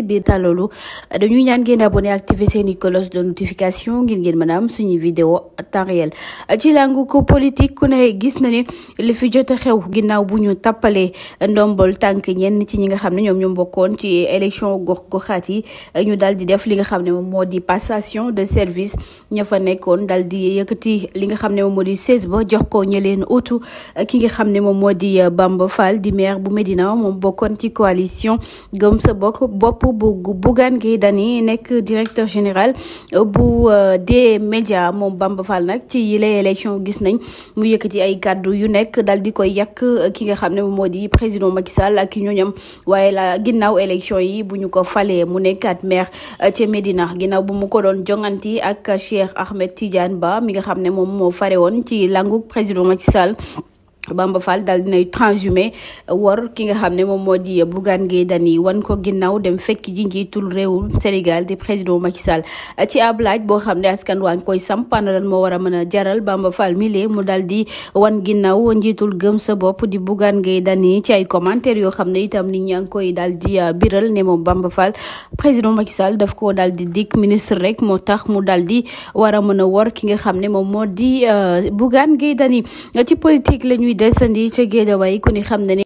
ci biir dañuy ñaan ngeen abonné activé seeni cloche de notification ngir madame mën suñu vidéo temps réel ci làngu ko politique ku ne gis na ne li fi jot a xew ginnaaw bu ñu ndombol tànk ñenn ci ñi nga xam ne ci élection gox goxaat yi ñu daal di def li nga xam passation de service ña fa nekkoon daal di yëkkati li nga xam ne moom moo 16 ba jox ko ña leen ki nga di maire bu Médina ci coalition gëm sa bokk bopp bu Bougane nek directeur général euh, bu euh, des médias mon Bamba Fall nak ci yile élection gis nañ mu yëkkati ay kàddu yu nek dal di koy yak euh, ki nga xam président Macky Sall ak ñooñam la ginnaw élection yi buñu ko falé mu at maire ci Médina ginnaw bu mu ko doon jonganti ak Cheikh Ahmed Tidiane Ba mi nga xam mom mo faré won ci président Macky Sall Bamba Fall daal dinay transhumé war ki nga xam ne moom moo di Bougane Gueye Dany wan ko ginnaaw dem fekk ji njiitul réewum Sénégal di président Macky Sall ci ab laaj boo xam ne askan waa ngi koy sampan lan moo war a mën a jaral Bamba Fall mile mu dal di wan ginnaaw njiitul gëm sa bopp di Bougane Gueye Dany ci ay commentaire yoo xam ne itam ni ñaa ngi koy daal di ah, biral ne moom Bamba Fall président Macky Sall daf ko dal di dikk ministre rek moo tax mu dal di war a mën a war ki nga xam ne moom moo di ah, Yüzde sen diyece gede vayi kuni xamdani